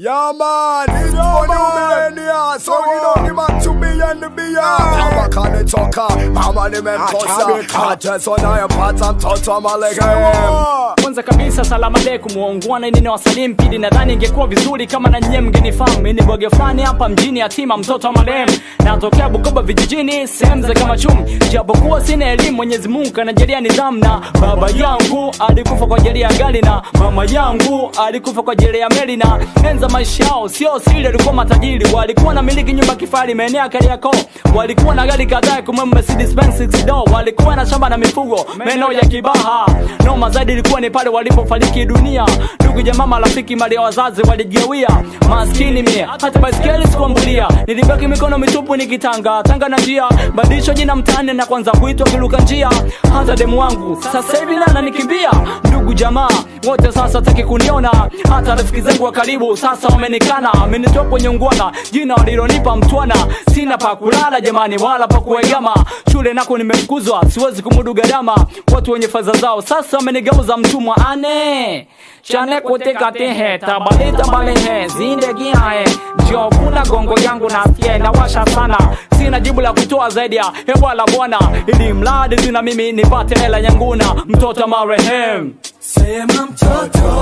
Yeah man, it's know funny man. in the ass, so oh. you know the man to me and the beer. I'm a ah, kind of talker, I'm a man tosser. I just want to have parts and thoughts on my leg. kwanza kabisa salama alaikum waungwana nini wasalimu pili nadhani ingekuwa vizuri kama na nyie mngenifahamu mimi boge fulani hapa mjini yatima mtoto wa marehemu natokea bukoba vijijini sehemu za kama chumi japokuwa sina elimu mwenyezi mungu kanajalia nidhamu na baba yangu alikufa kwa ajili ya gari na mama yangu alikufa kwa ajili ya meli na enza maisha yao sio siri alikuwa matajiri walikuwa na miliki nyumba kifahari maeneo ya kariakoo walikuwa na gari kadhaa kumwemo mercedes benz 6 walikuwa na shamba na mifugo maeneo ya kibaha noma zaidi ilikuwa ni pale pale walipofariki dunia, ndugu jamaa, marafiki, mali ya wazazi waligawia. Maskini mie hata baiskeli sikuambulia, nilibaki mikono mitupu nikitanga tanga na njia, badilisho jina mtaani na kwanza kuitwa kiluka njia. Hata demu wangu sasa hivi nikimbia, ndugu jamaa wote sasa taki kuniona, hata rafiki zangu wa karibu sasa wamenikana, amenitoa kwenye ungwana, jina walilonipa mtwana. Sina pa kulala jamani, wala pa kuegama, shule nako nimefukuzwa, siwezi kumudu gharama, watu wenye fadha zao sasa wamenigeuza mtumwa. आने chane kutekate he tabale tabale he zindegia he ndio gongo yangu nasikia inawasha sana sina jibu la kutoa zaidi ya hewa la bwana ili mradi zina mimi nipate hela yanguna mtoto marehemu sema mtoto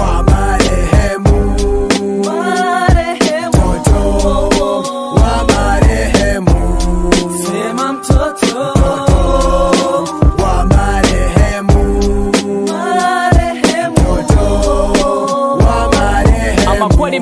wa mai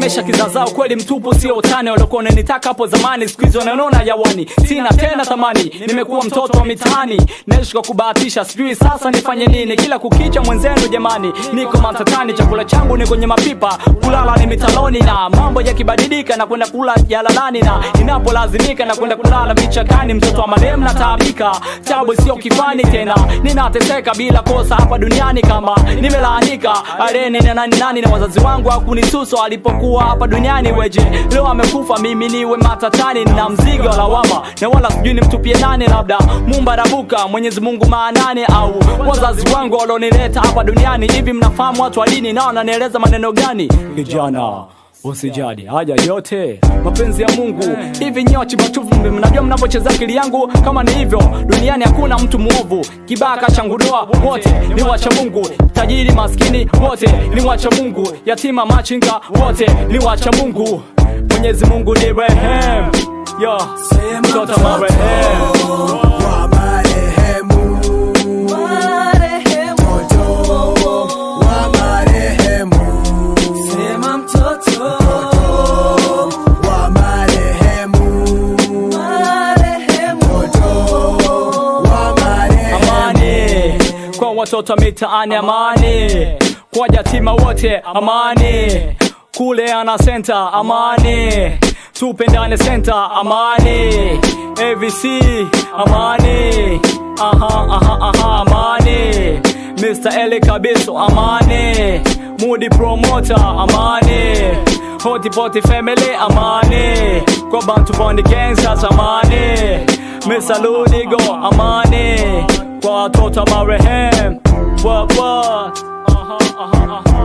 kukomesha kizazao kweli mtupu sio utani waliokuwa wananitaka hapo zamani siku hizi wananona yawani sina tena thamani nimekuwa mtoto wa mitaani naishi kwa kubahatisha sijui sasa nifanye nini kila kukicha mwenzenu jamani niko matatani chakula changu ni kwenye mapipa kulala ni mitaloni na mambo yakibadilika na kwenda kula jalalani na inapolazimika na kwenda kulala vichakani mtoto wa marehemu nataabika tabu sio kifani tena ninateseka bila kosa hapa duniani kama nimelaanika areni na nani nani na wazazi wangu hakunisusa alipokuwa kuwa hapa duniani weje leo amekufa mimi niwe matatani na mzigo la lawama na wala sijui nimtupie nani labda mumba rabuka mwenyezi mungu maanani au wazazi wangu walonileta hapa duniani hivi mnafahamu watu wa dini nao wananieleza maneno gani vijana usijali haja yote mapenzi ya Mungu. Eh. Hivi nyie wachibatuvumbi mnajua mnavyocheza akili yangu? Kama ni hivyo, duniani hakuna mtu mwovu, kibaka changudoa, wote ni wacha Mungu, tajiri maskini, wote ni wacha Mungu, yatima machinga, wote ni wacha Mungu. Mwenyezi Mungu ni rehemu, mtoto marehemu watoto mitaani, amani kwa yatima wote, amani kule ana senta, amani tupendane senta, amani avc amani aha, aha, aha, amani Mr. Eli Kabiso, amani Moody Promoter, amani Hoti Poti Family, amani kwa bantu bondi amani Mr. Ludigo, amani Kwa watoto marehemu. What, what? Uh-huh, uh-huh, uh-huh.